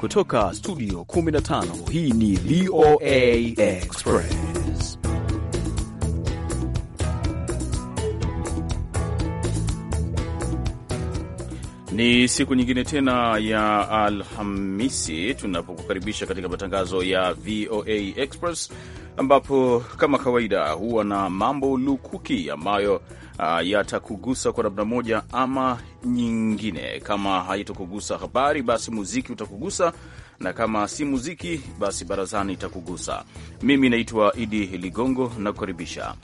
Kutoka studio 15 hii ni VOA Express. Ni siku nyingine tena ya Alhamisi tunapokukaribisha katika matangazo ya VOA Express ambapo kama kawaida huwa na mambo lukuki ambayo uh, yatakugusa kwa namna moja ama nyingine. Kama haitokugusa habari, basi muziki utakugusa, na kama si muziki, basi barazani itakugusa. Mimi naitwa Idi Ligongo, nakukaribisha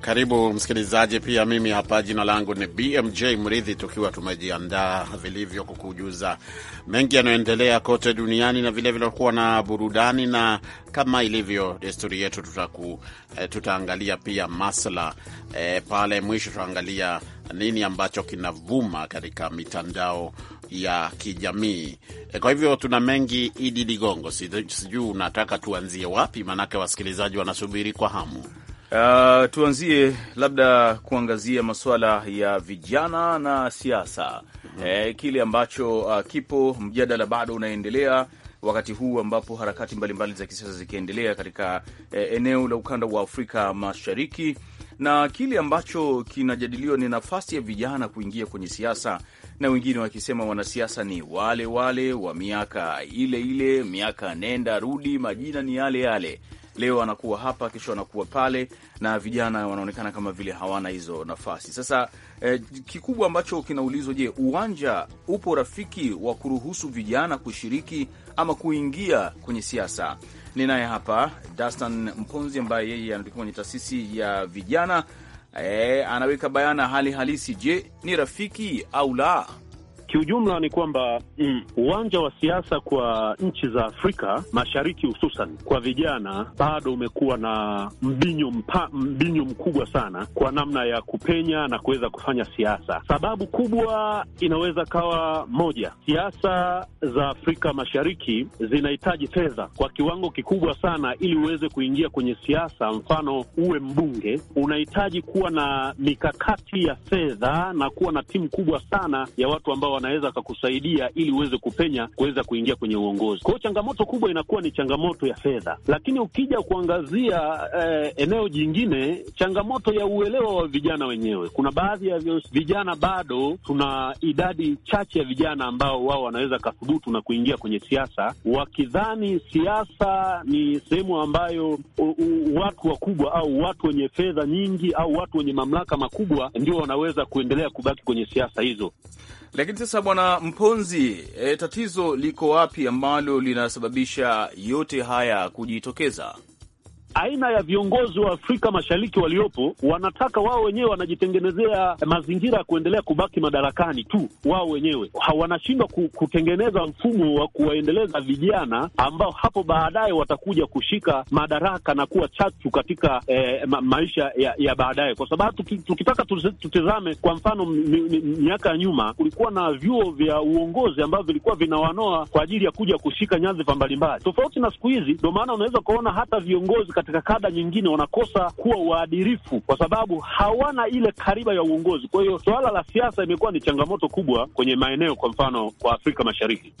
karibu msikilizaji, pia mimi hapa, jina langu ni BMJ Mridhi, tukiwa tumejiandaa vilivyo kukujuza mengi yanayoendelea kote duniani na vilevile kuwa na burudani, na kama ilivyo desturi yetu tutaku, eh, tutaangalia pia masala e, eh, pale mwisho tutaangalia nini ambacho kinavuma katika mitandao ya kijamii. Eh, kwa hivyo tuna mengi. Idi Ligongo, sijui unataka tuanzie wapi? Maanake wasikilizaji wanasubiri kwa hamu. Uh, tuanzie labda kuangazia masuala ya vijana na siasa mm -hmm. Eh, kile ambacho uh, kipo mjadala bado unaendelea wakati huu ambapo harakati mbalimbali mbali za kisiasa zikiendelea katika eh, eneo la ukanda wa Afrika Mashariki na kile ambacho kinajadiliwa ni nafasi ya vijana kuingia kwenye siasa, na wengine wakisema wanasiasa ni wale wale wa miaka ile ile, miaka nenda rudi, majina ni yale yale leo anakuwa hapa, kesho anakuwa pale, na vijana wanaonekana kama vile hawana hizo nafasi. Sasa eh, kikubwa ambacho kinaulizwa, je, uwanja upo rafiki wa kuruhusu vijana kushiriki ama kuingia kwenye siasa? Ni naye hapa Dastan Mponzi ambaye yeye anatoka kwenye taasisi ya vijana eh, anaweka bayana hali halisi. Je, ni rafiki au la? Kiujumla ni kwamba mm, uwanja wa siasa kwa nchi za Afrika Mashariki hususan kwa vijana bado umekuwa na mbinyo mpa, mbinyo mkubwa sana kwa namna ya kupenya na kuweza kufanya siasa. Sababu kubwa inaweza kawa moja, siasa za Afrika Mashariki zinahitaji fedha kwa kiwango kikubwa sana ili uweze kuingia kwenye siasa. Mfano, uwe mbunge unahitaji kuwa na mikakati ya fedha na kuwa na timu kubwa sana ya watu ambao wanaweza wakakusaidia ili uweze kupenya kuweza kuingia kwenye uongozi. Kwa hiyo changamoto kubwa inakuwa ni changamoto ya fedha, lakini ukija kuangazia eh, eneo jingine, changamoto ya uelewa wa vijana wenyewe. Kuna baadhi ya vijana bado tuna idadi chache ya vijana ambao wao wanaweza kathubutu na kuingia kwenye siasa, wakidhani siasa ni sehemu ambayo u, u, watu wakubwa au watu wenye fedha nyingi au watu wenye mamlaka makubwa ndio wanaweza kuendelea kubaki kwenye siasa hizo. Lakini sasa bwana Mponzi, e, tatizo liko wapi ambalo linasababisha yote haya kujitokeza? aina ya viongozi wa Afrika Mashariki waliopo wanataka wao wenyewe wanajitengenezea mazingira ya kuendelea kubaki madarakani tu wao wenyewe. Wanashindwa kutengeneza mfumo wa kuwaendeleza vijana ambao hapo baadaye watakuja kushika madaraka na kuwa chachu katika eh, ma, maisha ya, ya baadaye, kwa sababu tukitaka tutizame kwa mfano miaka ya nyuma kulikuwa na vyuo vya uongozi ambavyo vilikuwa vinawanoa kwa ajili ya kuja kushika nyadhifa mbalimbali, tofauti na siku hizi. Ndio maana unaweza ukaona hata viongozi katika kada nyingine wanakosa kuwa waadirifu kwa sababu hawana ile kariba ya uongozi. Kwa hiyo suala la siasa imekuwa ni changamoto kubwa kwenye maeneo, kwa mfano kwa Afrika Mashariki.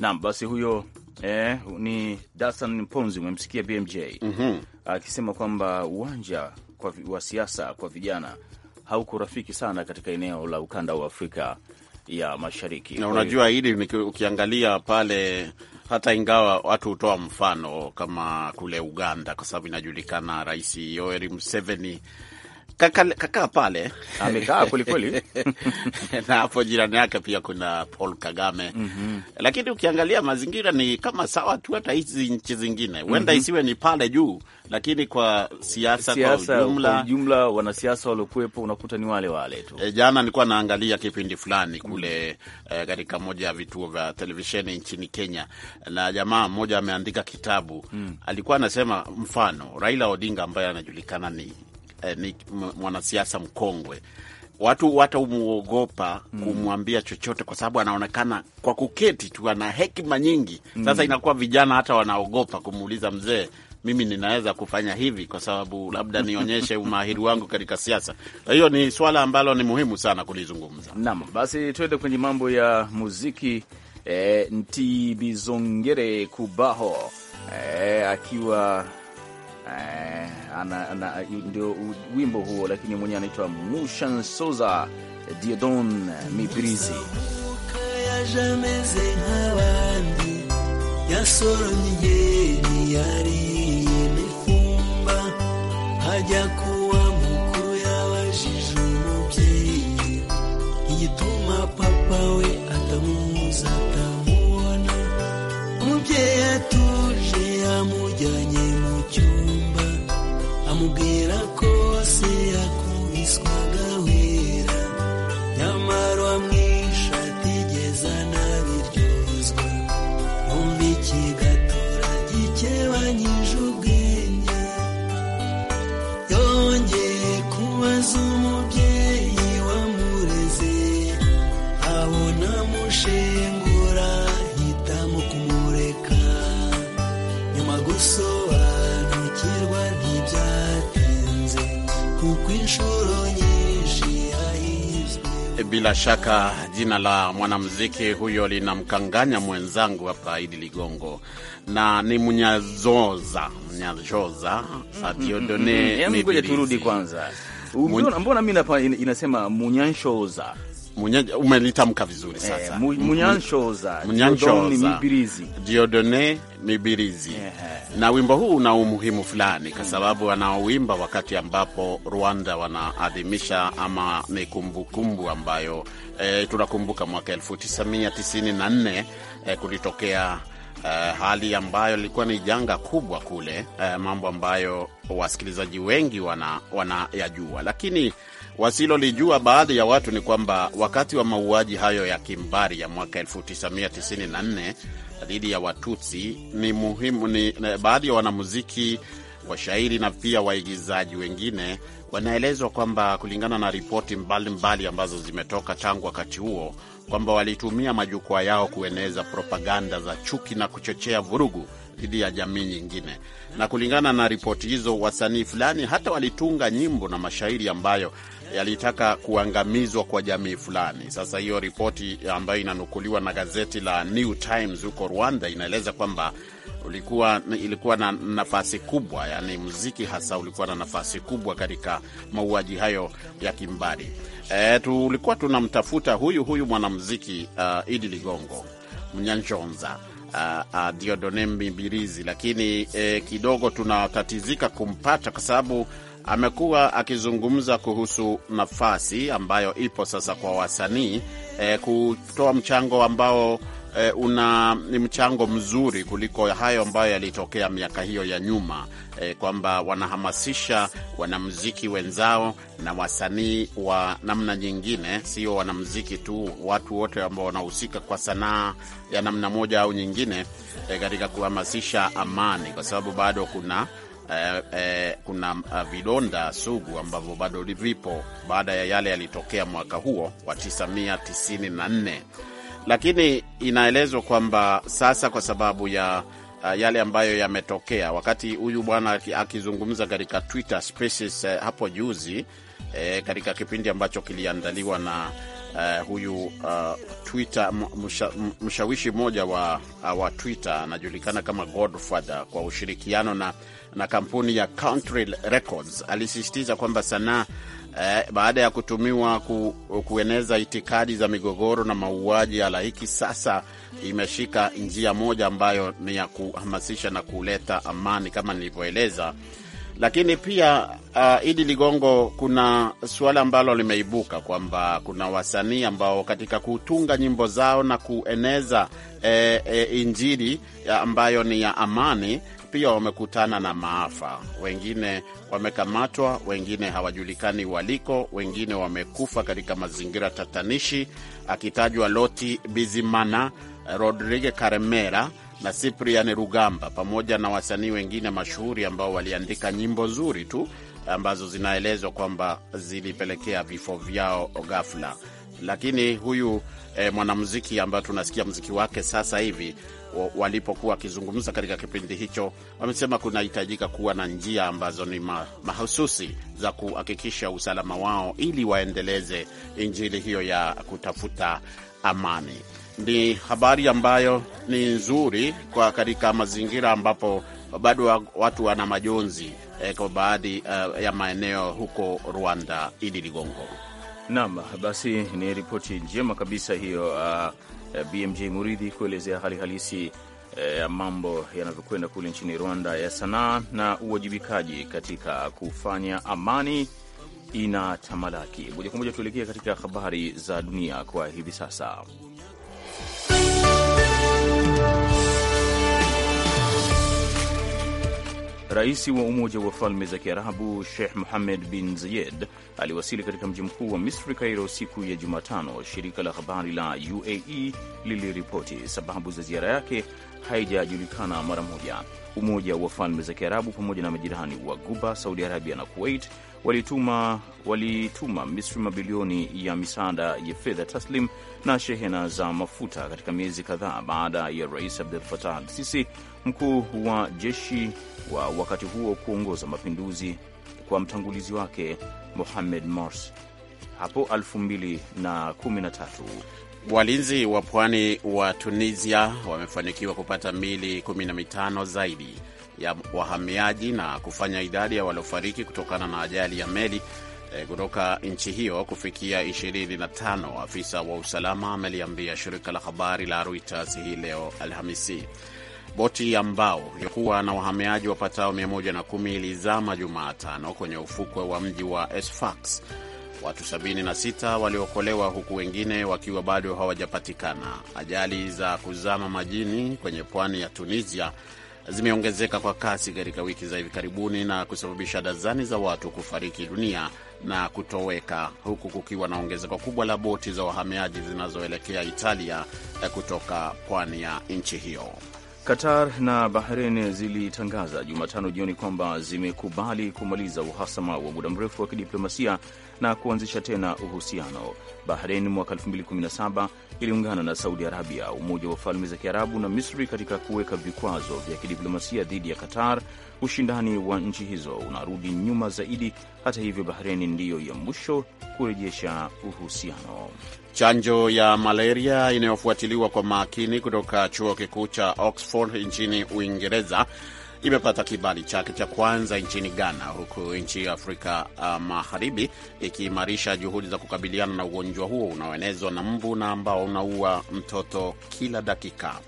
Naam, basi huyo eh, ni Dasan Mponzi, umemsikia BMJ mhm. akisema mm -hmm. kwamba uwanja kwa wa siasa kwa vijana hauko rafiki sana katika eneo la ukanda wa Afrika ya Mashariki na unajua hili ukiangalia pale hata ingawa watu hutoa mfano kama kule Uganda, kwa sababu inajulikana Rais Yoweri Museveni kakaa pale amekaa kwelikweli na hapo jirani yake pia kuna Paul Kagame mm -hmm. Lakini ukiangalia mazingira ni kama sawa tu hata hizi nchi zingine huenda mm -hmm. isiwe ni pale juu, lakini kwa siasa kwa ujumla, ujumla wanasiasa waliokuwepo unakuta ni wale wale tu. E, jana nilikuwa naangalia kipindi fulani kule eh, katika mm -hmm. e, moja ya vituo vya televisheni nchini Kenya na jamaa mmoja ameandika kitabu mm -hmm. alikuwa anasema mfano Raila Odinga ambaye anajulikana ni eh, ni mwanasiasa mkongwe watu umuogopa mm. kumwambia chochote kwa sababu anaonekana kwa kuketi tu ana hekima nyingi. Mm. Sasa inakuwa vijana hata wanaogopa kumuuliza mzee, mimi ninaweza kufanya hivi kwa sababu labda nionyeshe umahiri wangu katika siasa. Kwa hiyo ni swala ambalo ni muhimu sana kulizungumza. Naam, basi tuende kwenye mambo ya muziki. E, Ntibizongere Kubaho e, akiwa Eh, ana, ana, ndio wimbo huo, lakini mwenyewe anaitwa Mushan Soza Diedon Mibrizi igituma papa we atamuzi atamuona umubyeyi atuje yamujyanye Bila shaka jina la mwanamuziki huyo linamkanganya mwenzangu hapa Idi Ligongo, na ni Mnyazoza Mnyazoza Adiodone. Mm-hmm. Mm-hmm. turudi kwanza, mbona mi inasema Munyanshoza umelitamka vizuri eh, sasa. Mm-hmm. Munyanshoza Diodone Mibirizi. Eh, eh. Na wimbo huu una umuhimu fulani kwa sababu wanaoimba wakati ambapo Rwanda wanaadhimisha ama ni kumbukumbu ambayo e, tunakumbuka mwaka 1994 e, kulitokea Uh, hali ambayo ilikuwa ni janga kubwa kule, uh, mambo ambayo wasikilizaji wengi wanayajua wana, lakini Wasilolijua baadhi ya watu ni kwamba wakati wa mauaji hayo ya kimbari ya mwaka 1994 dhidi ya Watutsi ni muhimu, ni baadhi ya wanamuziki, washairi na pia waigizaji wengine wanaelezwa kwamba kulingana na ripoti mbalimbali ambazo zimetoka tangu wakati huo kwamba walitumia majukwaa yao kueneza propaganda za chuki na kuchochea vurugu dhidi ya jamii nyingine. Na kulingana na ripoti hizo, wasanii fulani hata walitunga nyimbo na mashairi ambayo yalitaka kuangamizwa kwa jamii fulani. Sasa hiyo ripoti ambayo inanukuliwa na gazeti la New Times huko Rwanda inaeleza kwamba ulikuwa ilikuwa na nafasi kubwa, yani muziki hasa ulikuwa na nafasi kubwa katika mauaji hayo ya kimbari. E, tulikuwa tunamtafuta huyu huyu mwanamuziki uh, Idi Ligongo Mnyanchonza Uh, uh, Diodone Mibirizi, lakini eh, kidogo tunatatizika kumpata kwa sababu amekuwa akizungumza kuhusu nafasi ambayo ipo sasa kwa wasanii eh, kutoa mchango ambao eh, una mchango mzuri kuliko hayo ambayo yalitokea miaka hiyo ya nyuma eh, kwamba wanahamasisha wanamuziki wenzao na wasanii wa namna nyingine, sio wanamuziki tu, watu wote ambao wanahusika kwa sanaa ya namna moja au nyingine eh, katika kuhamasisha amani, kwa sababu bado kuna Eh, eh, kuna eh, vidonda sugu ambavyo bado vipo baada ya yale yalitokea mwaka huo wa 1994 lakini inaelezwa kwamba sasa kwa sababu ya Uh, yale ambayo yametokea wakati huyu bwana akizungumza katika Twitter Spaces uh, hapo juzi uh, katika kipindi ambacho kiliandaliwa na uh, huyu uh, Twitter msha, mshawishi mmoja wa, uh, wa Twitter anajulikana kama Godfather kwa ushirikiano na, na kampuni ya Country Records alisisitiza kwamba sanaa Eh, baada ya kutumiwa ku, kueneza itikadi za migogoro na mauaji ya laiki, sasa imeshika njia moja ambayo ni ya kuhamasisha na kuleta amani, kama nilivyoeleza lakini pia uh, Idi Ligongo, kuna suala ambalo limeibuka kwamba kuna wasanii ambao katika kutunga nyimbo zao na kueneza e, e, injili ambayo ni ya amani pia wamekutana na maafa. Wengine wamekamatwa, wengine hawajulikani waliko, wengine wamekufa katika mazingira tatanishi, akitajwa Loti Bizimana, eh, Rodrigue Caremera, na Cyprian Rugamba pamoja na wasanii wengine mashuhuri ambao waliandika nyimbo nzuri tu ambazo zinaelezwa kwamba zilipelekea vifo vyao ghafla. Lakini huyu e, mwanamuziki ambaye tunasikia mziki wake sasa hivi, walipokuwa wakizungumza katika kipindi hicho, wamesema kunahitajika kuwa na njia ambazo ni mahususi za kuhakikisha usalama wao ili waendeleze injili hiyo ya kutafuta amani ni habari ambayo ni nzuri kwa katika mazingira ambapo bado watu wana majonzi eh, kwa baadhi uh, ya maeneo huko Rwanda. Idi Ligongo. Naam, basi ni ripoti njema kabisa hiyo, uh, ah, eh, BMJ Muridhi kuelezea hali halisi eh, ya mambo yanavyokwenda kule nchini Rwanda ya sanaa na uwajibikaji katika kufanya amani ina tamalaki. Moja kwa moja tuelekea katika habari za dunia kwa hivi sasa. Rais wa Umoja wa Falme za Kiarabu Sheikh Mohammed bin Zayed aliwasili katika mji mkuu wa Misri, Kairo, siku ya Jumatano, shirika la habari la UAE liliripoti. Sababu za ziara yake haijajulikana mara moja. Umoja wa Falme za Kiarabu pamoja na majirani wa Guba, Saudi Arabia na Kuwait walituma, walituma Misri mabilioni ya misaada ya fedha taslim na shehena za mafuta katika miezi kadhaa baada ya Rais Abdel Fattah al-Sisi, mkuu wa jeshi wa wakati huo kuongoza mapinduzi kwa mtangulizi wake Mohamed Morsi hapo 2013. Walinzi wa pwani wa Tunisia wamefanikiwa kupata mili 15 zaidi ya wahamiaji na kufanya idadi ya waliofariki kutokana na ajali ya meli eh, kutoka nchi hiyo kufikia 25, afisa wa usalama ameliambia shirika la habari la Reuters hii leo Alhamisi. Boti ya mbao ilikuwa na wahamiaji wapatao 110 ilizama Jumatano kwenye ufukwe wa mji wa Sfax. Watu 76 waliokolewa huku wengine wakiwa bado hawajapatikana. Ajali za kuzama majini kwenye pwani ya Tunisia zimeongezeka kwa kasi katika wiki za hivi karibuni na kusababisha dazani za watu kufariki dunia na kutoweka, huku kukiwa na ongezeko kubwa la boti za wahamiaji zinazoelekea Italia eh, kutoka pwani ya nchi hiyo. Qatar na Bahrain zilitangaza Jumatano jioni kwamba zimekubali kumaliza uhasama wa muda mrefu wa kidiplomasia na kuanzisha tena uhusiano. Bahrain mwaka 2017 iliungana na Saudi Arabia, Umoja wa Falme za Kiarabu na Misri katika kuweka vikwazo vya kidiplomasia dhidi ya Qatar ushindani wa nchi hizo unarudi nyuma zaidi. Hata hivyo, bahreni ndiyo ya mwisho kurejesha uhusiano. Chanjo ya malaria inayofuatiliwa kwa makini kutoka chuo kikuu cha Oxford nchini Uingereza imepata kibali chake cha kwanza nchini Ghana, huku nchi ya Afrika uh, Magharibi ikiimarisha juhudi za kukabiliana na ugonjwa huo unaoenezwa na mbu na ambao unaua mtoto kila dakika.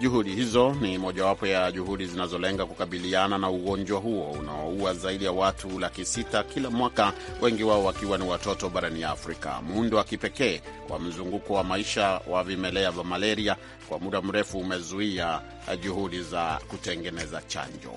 Juhudi hizo ni mojawapo ya juhudi zinazolenga kukabiliana na ugonjwa huo unaoua zaidi ya watu laki sita kila mwaka, wengi wao wakiwa ni watoto barani Afrika. Muundo wa kipekee wa mzunguko wa maisha wa vimelea vya malaria kwa muda mrefu umezuia juhudi za kutengeneza chanjo.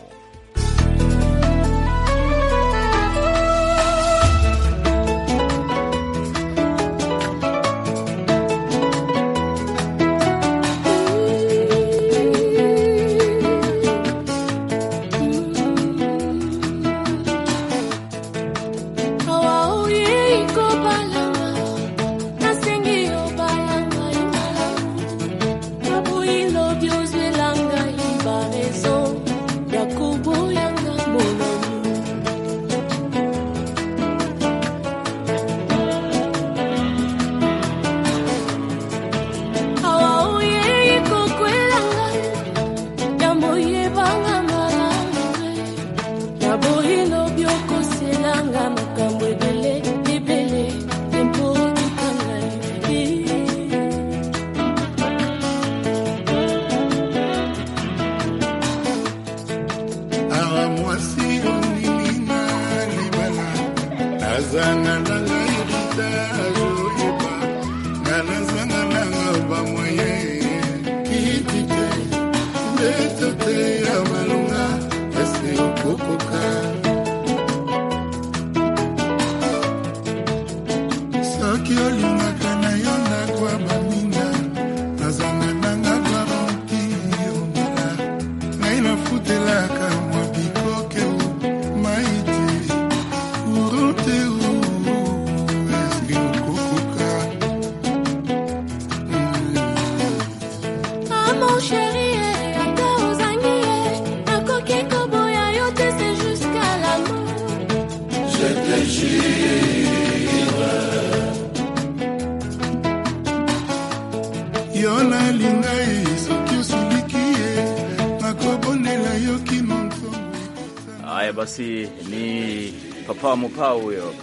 Haya basi, ni Papa Mupaa huyo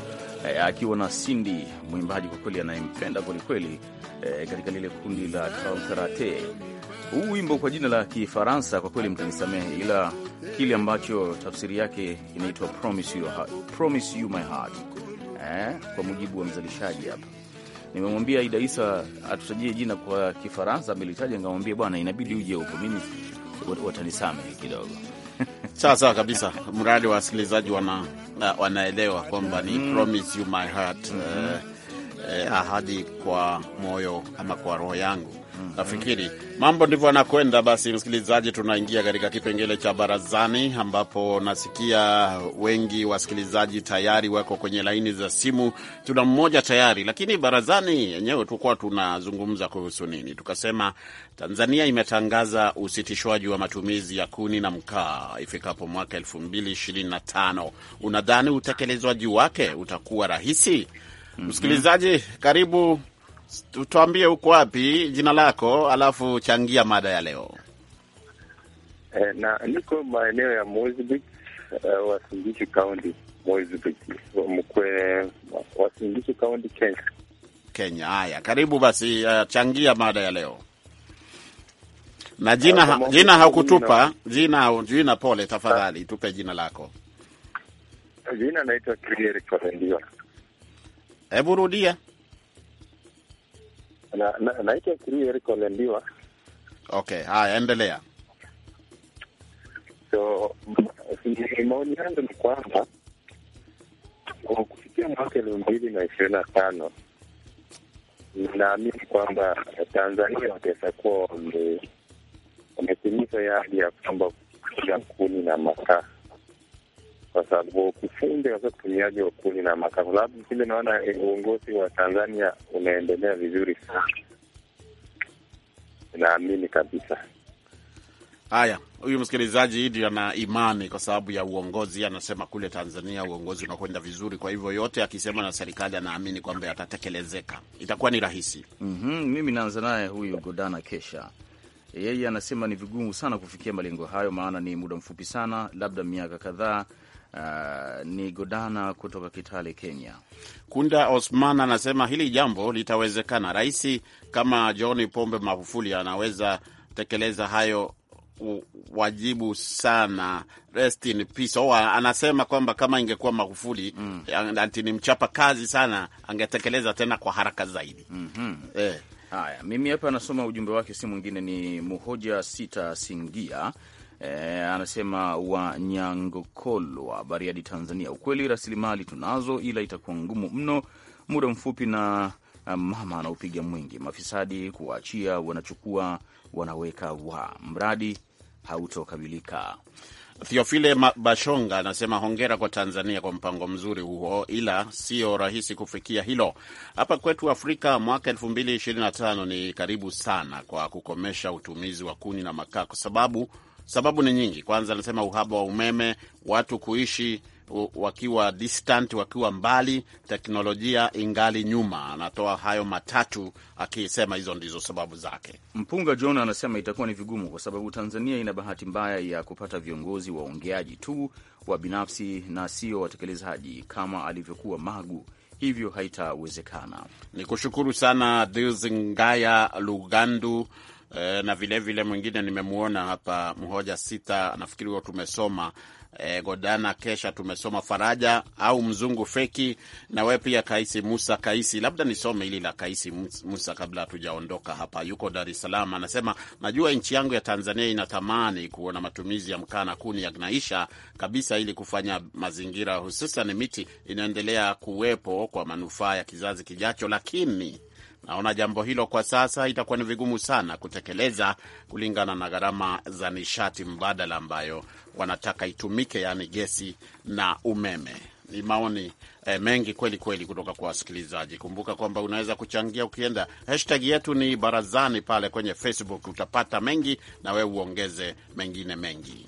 e, akiwa na Sindi, mwimbaji kwa kweli anayempenda kwelikweli e, eh, katika lile kundi la Kantarate. Huu wimbo kwa jina la Kifaransa kwa kweli mtanisamehe, ila kile ambacho tafsiri yake inaitwa promise you, promise you my heart, e, kwa mujibu wa mzalishaji hapa Nimemwambia Aida Isa atutajie jina kwa Kifaransa, amelitaja nikamwambia, bwana, inabidi uje huko, mimi watanisame kidogo. Sawa sawa kabisa, mradi wa wasikilizaji wana, wanaelewa kwamba ni mm. promise you my heart mm -hmm. eh, eh, ahadi kwa moyo ama kwa roho yangu Nafikiri mambo ndivyo anakwenda. Basi msikilizaji, tunaingia katika kipengele cha barazani, ambapo nasikia wengi wasikilizaji tayari wako kwenye laini za simu. Tuna mmoja tayari, lakini barazani yenyewe tukuwa tunazungumza kuhusu nini? Tukasema Tanzania imetangaza usitishwaji wa matumizi ya kuni na mkaa ifikapo mwaka elfu mbili ishirini na tano. Unadhani utekelezwaji wake utakuwa rahisi? Mhm. Msikilizaji, karibu Tuambie uko wapi, jina lako, alafu changia mada ya leo. E, na niko maeneo ya Mozambique, uh, eh, Wasingishu County, Mozambique, mkwe Wasingishu County, Kenya. Kenya. Haya, karibu basi, uh, changia mada ya leo na jina uh, ha, jina hakutupa jina, jina pole, tafadhali tupe jina lako. Jina naitwa Hebu rudia naitwa na, na Lendiwa. Okay, haya, endelea. So maoni yangu ni kwamba kufikia mwaka elfu mbili na ishirini na tano naamini kwamba Tanzania kuwa wametimiza yadi ya kwamba kupiga kuni na makaa kwa sababu kufunde katika utumiaji wa kuni na makavu. Labda vile naona eh, uongozi wa Tanzania unaendelea vizuri sana, naamini kabisa. Haya, huyu msikilizaji Idi ana imani kwa sababu ya uongozi, anasema kule Tanzania uongozi unakwenda vizuri. Kwa hivyo yote akisema na serikali, anaamini kwamba yatatekelezeka, itakuwa ni rahisi. mm -hmm. Mimi naanza naye huyu Godana Kesha, yeye anasema ni vigumu sana kufikia malengo hayo, maana ni muda mfupi sana, labda miaka kadhaa Uh, ni Godana kutoka Kitale, Kenya. Kunda Osman anasema hili jambo litawezekana. Rais kama John Pombe Magufuli anaweza tekeleza hayo wajibu sana. Rest in peace. anasema kwamba kama ingekuwa Magufuli mm. ati ni mchapa kazi sana, angetekeleza tena kwa haraka zaidi mm -hmm. eh. Haya, mimi hapa anasoma ujumbe wake, si mwingine ni Muhoja Sita Singia E, anasema wa Nyangokolwa, Bariadi, Tanzania. Ukweli rasilimali tunazo, ila itakuwa ngumu mno muda mfupi na e, mama anaopiga mwingi. Mafisadi kuwaachia, wanachukua wanaweka wa mradi hautokamilika. Theofile Bashonga anasema hongera kwa Tanzania kwa mpango mzuri huo, ila sio rahisi kufikia hilo hapa kwetu Afrika. Mwaka tano ni karibu sana kwa kukomesha utumizi wa kuni na makaa, kwa sababu Sababu ni nyingi. Kwanza anasema uhaba wa umeme, watu kuishi wakiwa distant, wakiwa mbali, teknolojia ingali nyuma. Anatoa hayo matatu akisema hizo ndizo sababu zake. Mpunga John anasema itakuwa ni vigumu kwa sababu Tanzania ina bahati mbaya ya kupata viongozi waongeaji tu wa binafsi na sio watekelezaji kama alivyokuwa Magu, hivyo haitawezekana. Ni kushukuru sana Dilzingaya Lugandu e, na vilevile mwingine nimemwona hapa mhoja sita, nafikiri huo tumesoma e, Godana Kesha tumesoma, Faraja au mzungu feki, na we pia Kaisi Musa Kaisi. Labda nisome hili la Kaisi Musa kabla hatujaondoka hapa. Yuko Dar es Salaam, anasema najua nchi yangu ya Tanzania inatamani kuona matumizi ya mkaa na kuni yanaisha kabisa, ili kufanya mazingira hususan miti inaendelea kuwepo kwa manufaa ya kizazi kijacho, lakini Naona jambo hilo kwa sasa itakuwa ni vigumu sana kutekeleza kulingana na gharama za nishati mbadala ambayo wanataka itumike, yaani gesi na umeme. Ni maoni eh, mengi kweli kweli kutoka kwa wasikilizaji. Kumbuka kwamba unaweza kuchangia ukienda hashtag yetu ni barazani pale kwenye Facebook, utapata mengi na wewe uongeze mengine mengi.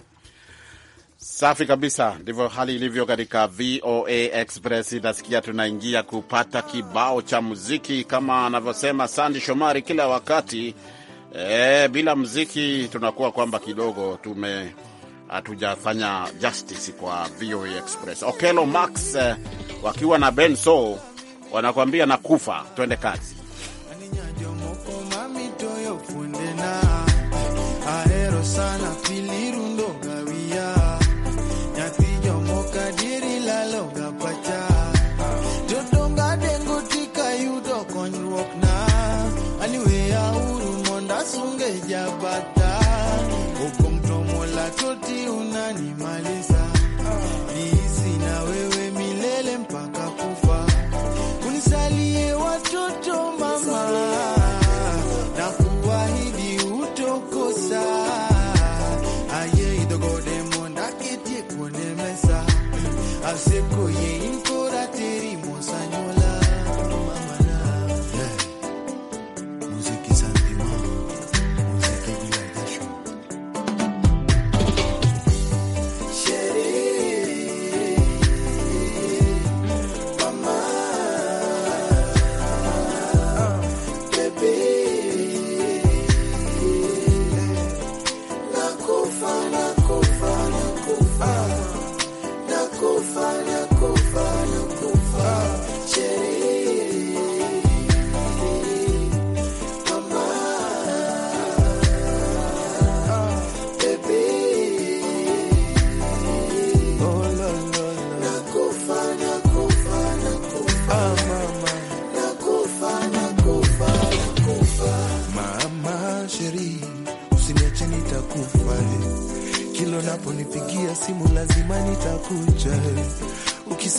Safi kabisa, ndivyo hali ilivyo katika VOA Express. Nasikia tunaingia kupata kibao cha muziki kama anavyosema Sandi Shomari kila wakati. E, bila muziki tunakuwa kwamba kidogo tume hatujafanya justice kwa VOA Express. Okelo Max eh, wakiwa na Ben So wanakuambia nakufa, twende kazi.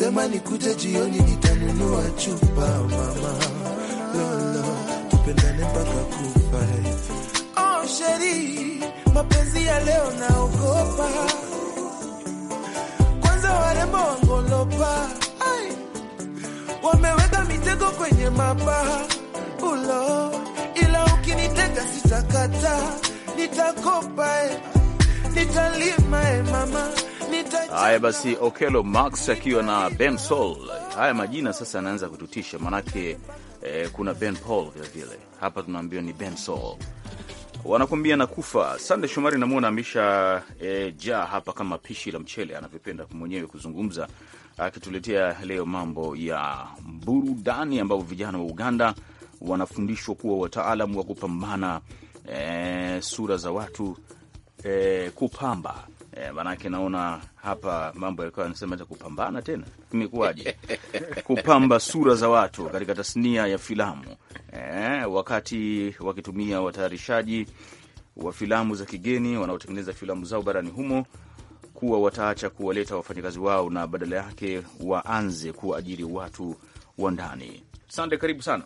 sema nikuje jioni, nitanunua chupa mama, lolo tupendane mpaka kufa. Eh. Oh, sheri, mapenzi ya leo naogopa, kwanza warembo wangolopa eh. wameweka mitego kwenye mapa ulo, ila ukinitega sitakata, nitakopa eh, nitalima eh, mama Haya basi, Okelo Max akiwa na Ben Sol. Haya majina sasa yanaanza kututisha, manake eh, kuna Ben Paul vilevile, hapa tunaambiwa ni Ben Sol wanakuambia na kufa. Sande Shomari namwona amesha eh, jaa hapa kama pishi la mchele anavyopenda mwenyewe kuzungumza, akituletea leo mambo ya burudani, ambapo vijana wa Uganda wanafundishwa kuwa wataalamu wa kupambana eh, sura za watu eh, kupamba E, eh, maanake naona hapa mambo yalikuwa anasema ta kupambana tena, imekuwaje kupamba sura za watu katika tasnia ya filamu e, wakati wakitumia watayarishaji wa filamu za kigeni wanaotengeneza filamu zao barani humo kuwa wataacha kuwaleta wafanyakazi wao na badala yake waanze kuwaajiri watu wa ndani. Sande, karibu sana.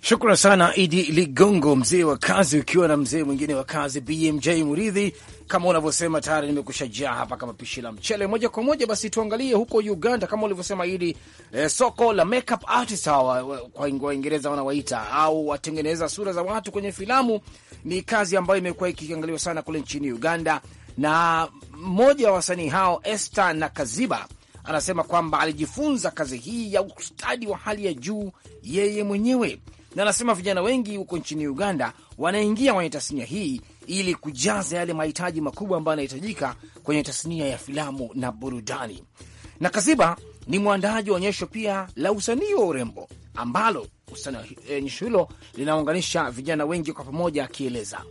Shukran sana Idi Ligongo, mzee wa kazi, ukiwa na mzee mwingine wa kazi BMJ Muridhi. Kama unavyosema tayari nimekusha jaa hapa kama pishi la mchele. Moja kwa moja basi tuangalie huko Uganda, kama ulivyosema Idi, eh, soko la makeup artist hawa kwa Waingereza wanawaita au watengeneza sura za watu kwenye filamu, ni kazi ambayo imekuwa ikiangaliwa sana kule nchini Uganda, na mmoja wa wasanii hao Esther Nakaziba anasema kwamba alijifunza kazi hii ya ustadi wa hali ya juu yeye mwenyewe na anasema vijana wengi huko nchini Uganda wanaingia kwenye tasnia hii ili kujaza yale mahitaji makubwa ambayo yanahitajika kwenye tasnia ya filamu na burudani. Na Kasiba ni mwandaaji wa onyesho pia la usanii wa urembo ambalo onyesho hilo linaunganisha vijana wengi kwa pamoja, akieleza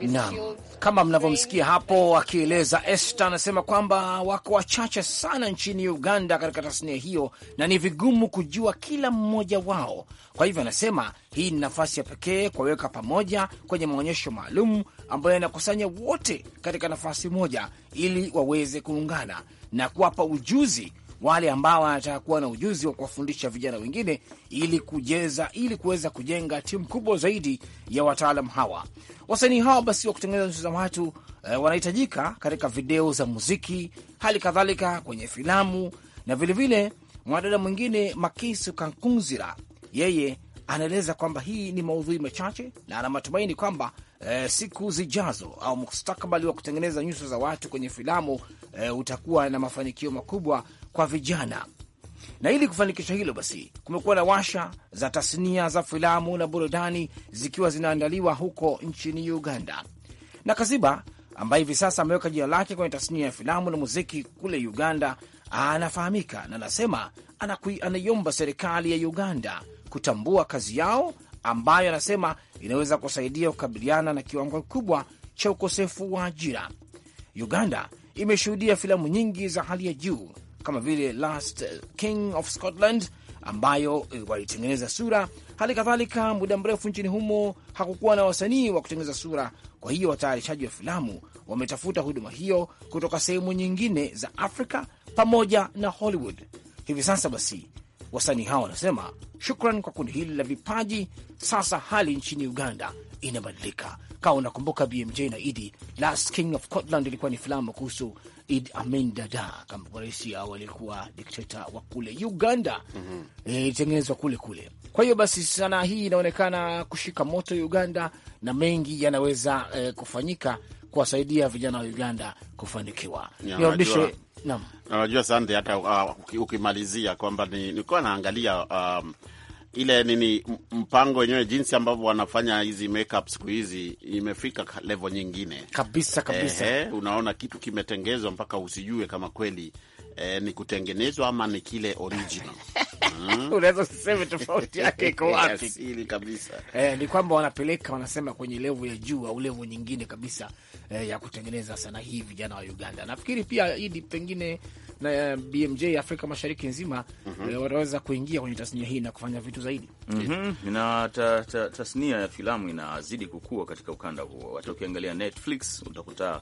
na kama mnavyomsikia hapo akieleza este anasema kwamba wako wachache sana nchini Uganda katika tasnia hiyo na ni vigumu kujua kila mmoja wao. Kwa hivyo anasema hii ni nafasi ya pekee kuwaweka pamoja kwenye maonyesho maalum ambayo yanakusanya wote katika nafasi moja ili waweze kuungana na kuwapa ujuzi wale ambao wanataka kuwa na ujuzi wa kuwafundisha vijana wengine ili kujeza ili kuweza kujenga timu kubwa zaidi ya wataalam hawa. Wasanii hawa basi wa kutengeneza nyuso za watu e, wanahitajika katika video za muziki, hali kadhalika kwenye filamu na vilevile mwanadada mwingine Makisu Kankunzira yeye anaeleza kwamba hii ni maudhui machache na ana matumaini kwamba e, siku zijazo au mustakabali wa kutengeneza nyuso za watu kwenye filamu e, utakuwa na mafanikio makubwa kwa vijana. Na ili kufanikisha hilo, basi kumekuwa na washa za tasnia za filamu na burudani zikiwa zinaandaliwa huko nchini Uganda, na Kaziba ambaye hivi sasa ameweka jina lake kwenye tasnia ya filamu na muziki kule Uganda anafahamika na anasema anaiomba serikali ya Uganda kutambua kazi yao ambayo anasema inaweza kusaidia kukabiliana na kiwango kikubwa cha ukosefu wa ajira. Uganda imeshuhudia filamu nyingi za hali ya juu kama vile Last King of Scotland ambayo walitengeneza sura. Hali kadhalika, muda mrefu nchini humo hakukuwa na wasanii wa kutengeneza sura, kwa hiyo watayarishaji wa filamu wametafuta huduma hiyo kutoka sehemu nyingine za Afrika pamoja na Hollywood. Hivi sasa basi, wasanii hao wanasema shukran kwa kundi hili la vipaji. Sasa hali nchini Uganda inabadilika. Kama unakumbuka BMJ na Idi, Last King of Scotland ilikuwa ni filamu kuhusu Id Amin Dada, kama rais aliyekuwa dikteta wa kule Uganda, mhm. eh, ilitengenezwa mm -hmm. e, kule kule. Kwa hiyo basi sanaa hii inaonekana kushika moto Uganda, na mengi yanaweza e, kufanyika kuwasaidia vijana wa Uganda kufanikiwa. Niwarudishe nam, najua sante hata uh, ukimalizia kwamba nilikuwa naangalia um, ile nini mpango wenyewe, jinsi ambavyo wanafanya hizi makeup siku hizi imefika level nyingine kabisa kabisa. Eh, unaona kitu kimetengezwa mpaka usijue kama kweli e, ni kutengenezwa ama ni kile original Unaweza usiseme tofauti yake iko wapi? Asili kabisa e, ni kwamba wanapeleka wanasema kwenye level ya juu au level nyingine kabisa e, ya kutengeneza sana hii vijana wa Uganda. Nafikiri pia idi pengine na eh, BMJ Afrika Mashariki nzima mm -hmm. Eh, wataweza kuingia kwenye tasnia hii na kufanya vitu zaidi mm -hmm. na ta, ta, tasnia ya filamu inazidi kukua katika ukanda huo. Hata ukiangalia Netflix utakuta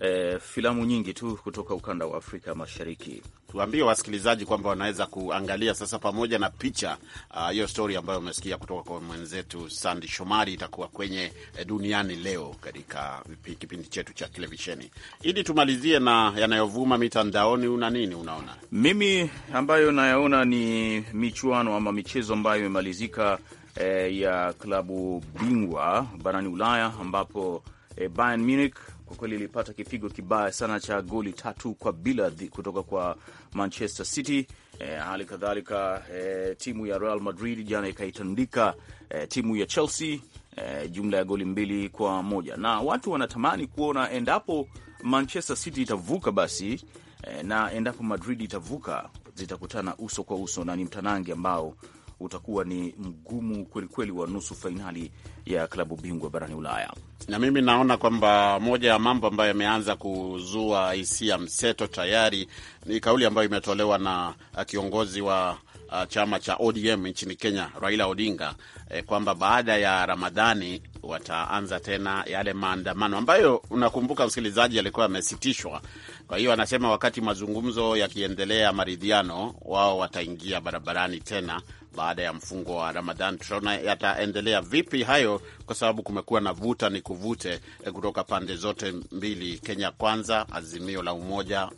E, filamu nyingi tu kutoka ukanda wa Afrika Mashariki. Tuambie wasikilizaji kwamba wanaweza kuangalia sasa pamoja na picha ah, hiyo. Uh, stori ambayo umesikia kutoka kwa mwenzetu Sandi Shomari itakuwa kwenye eh, Duniani Leo katika kipindi chetu cha televisheni. Ili tumalizie na yanayovuma mitandaoni, una nini unaona? Mimi ambayo nayaona ni michuano ama michezo ambayo imemalizika eh, ya klabu bingwa barani Ulaya ambapo eh, Bayern Munich kwa kweli ilipata kipigo kibaya sana cha goli tatu kwa bila kutoka kwa Manchester City. E, hali e, kadhalika e, timu ya Real Madrid jana ikaitandika e, timu ya Chelsea e, jumla ya goli mbili kwa moja, na watu wanatamani kuona endapo Manchester City itavuka basi e, na endapo Madrid itavuka zitakutana uso kwa uso na ni mtanange ambao utakuwa ni mgumu kwelikweli wa nusu fainali ya klabu bingwa barani Ulaya. Na mimi naona kwamba moja ya mambo ambayo yameanza kuzua hisia mseto tayari ni kauli ambayo imetolewa na uh, kiongozi wa uh, chama cha ODM nchini Kenya, Raila Odinga eh, kwamba baada ya Ramadhani wataanza tena yale maandamano ambayo unakumbuka, msikilizaji, alikuwa amesitishwa. Kwa hiyo anasema wakati mazungumzo yakiendelea, maridhiano, wao wataingia barabarani tena baada ya mfungo wa ramadhan Tutaona yataendelea vipi hayo, kwa sababu kumekuwa na vuta ni kuvute eh, kutoka pande zote mbili, Kenya Kwanza, Azimio la Umoja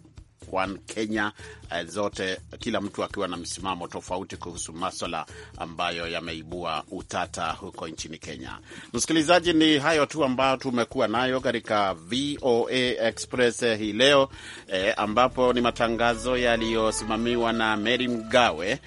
One Kenya, eh, zote kila mtu akiwa na msimamo tofauti kuhusu maswala ambayo yameibua utata huko nchini Kenya. Msikilizaji, ni hayo tu ambayo tumekuwa nayo katika VOA Express eh, hii leo eh, ambapo ni matangazo yaliyosimamiwa na Mary Mgawe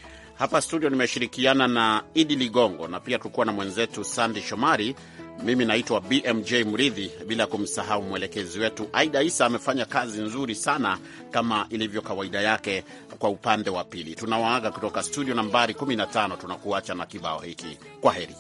hapa studio nimeshirikiana na Idi Ligongo na pia tukuwa na mwenzetu Sandi Shomari. Mimi naitwa BMJ Mridhi, bila kumsahau mwelekezi wetu Aida Isa. Amefanya kazi nzuri sana kama ilivyo kawaida yake kwa upande wa pili. Tunawaaga kutoka studio nambari 15, tunakuacha na kibao hiki. Kwa heri.